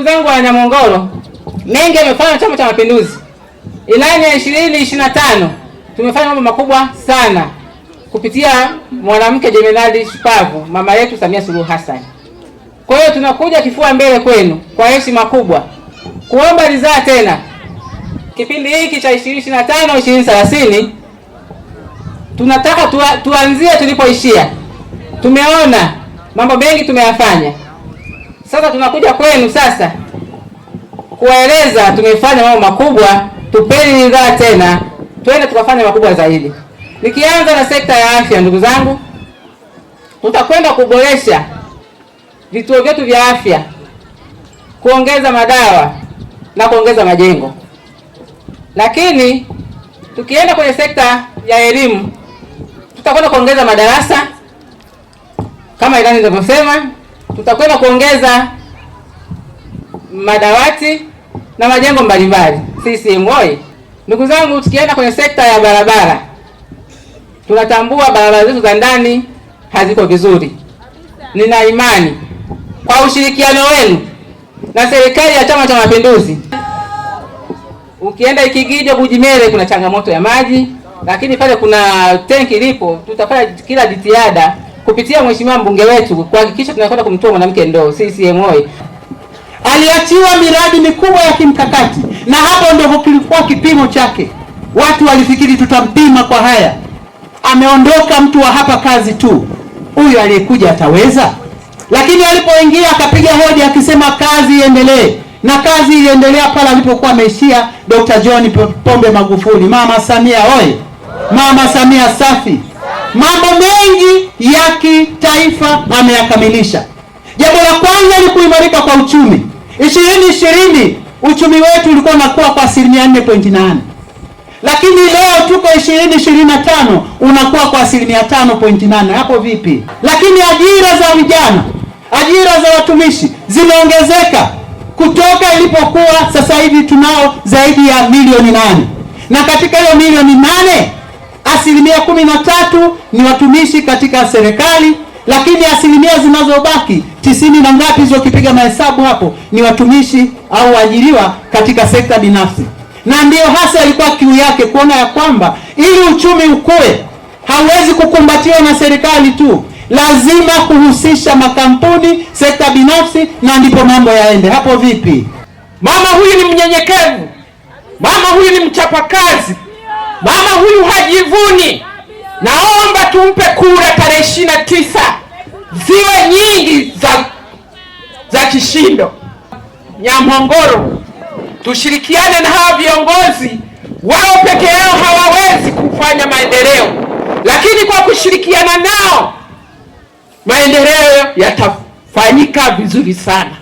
Ndugu zangu wana mengi yamefanya Chama cha Mapinduzi. Ilani ya ishirini ishirini na tano tumefanya mambo makubwa sana kupitia mwanamke jenerali shupavu, mama yetu Samia Suluhu Hassan. Kwa hiyo tunakuja kifua mbele kwenu kwa heshima kubwa kuomba ridhaa tena, kipindi hiki cha ishirini ishirini na tano ishirini thelathini tunataka tuanzie tulipoishia. Tumeona mambo mengi tumeyafanya sasa tunakuja kwenu sasa kuwaeleza tumefanya mambo makubwa, tupeni ridhaa tena, twende tukafanya makubwa zaidi. Nikianza na sekta ya afya, ndugu zangu, tutakwenda kuboresha vituo vyetu vya afya, kuongeza madawa na kuongeza majengo. Lakini tukienda kwenye sekta ya elimu, tutakwenda kuongeza madarasa kama ilani inavyosema tutakwenda kuongeza madawati na majengo mbalimbali. CCM oyee! Ndugu zangu, tukienda kwenye sekta ya barabara, tunatambua barabara zetu za ndani haziko vizuri. Nina imani kwa ushirikiano wenu na serikali ya Chama cha Mapinduzi, ukienda Ikigijo bujimele kuna changamoto ya maji, lakini pale kuna tenki lipo, tutafanya kila jitihada kupitia mheshimiwa mbunge wetu kuhakikisha tunakwenda kumtoa mwanamke ndoo. CCM Aliachiwa miradi mikubwa ya kimkakati, na hapo ndio kilikuwa kipimo chake. Watu walifikiri tutampima kwa haya. Ameondoka mtu wa hapa kazi tu, huyu aliyekuja ataweza? Lakini alipoingia akapiga hoja akisema kazi iendelee, na kazi iliendelea pale alipokuwa ameishia Dr. John Pombe Magufuli. Mama Samia oye! Mama Samia safi! mambo mengi ya kitaifa ameyakamilisha. Jambo la kwanza ni kuimarika kwa uchumi. ishirini ishirini uchumi wetu ulikuwa unakuwa kwa asilimia 4.8 lakini leo tuko ishirini ishirini na tano unakuwa kwa asilimia 5.8. Hapo vipi? Lakini ajira za vijana, ajira za watumishi zimeongezeka kutoka ilipokuwa, sasa hivi tunao zaidi ya milioni nane na katika hiyo milioni nane asilimia kumi na tatu ni watumishi katika serikali, lakini asilimia zinazobaki tisini na ngapi hizo, ukipiga mahesabu hapo ni watumishi au waajiriwa katika sekta binafsi. Na ndiyo hasa alikuwa kiu yake kuona ya kwamba ili uchumi ukue hauwezi kukumbatiwa na serikali tu, lazima kuhusisha makampuni, sekta binafsi, na ndipo mambo yaende. Hapo vipi? Mama huyu ni mnyenyekevu, mama huyu ni mchapakazi Mama huyu hajivuni. Naomba tumpe kura tarehe ishirini na tisa ziwe nyingi za, za kishindo. Nyamhongoro, tushirikiane na hawa viongozi. Wao peke yao hawawezi kufanya maendeleo, lakini kwa kushirikiana nao maendeleo yatafanyika vizuri sana.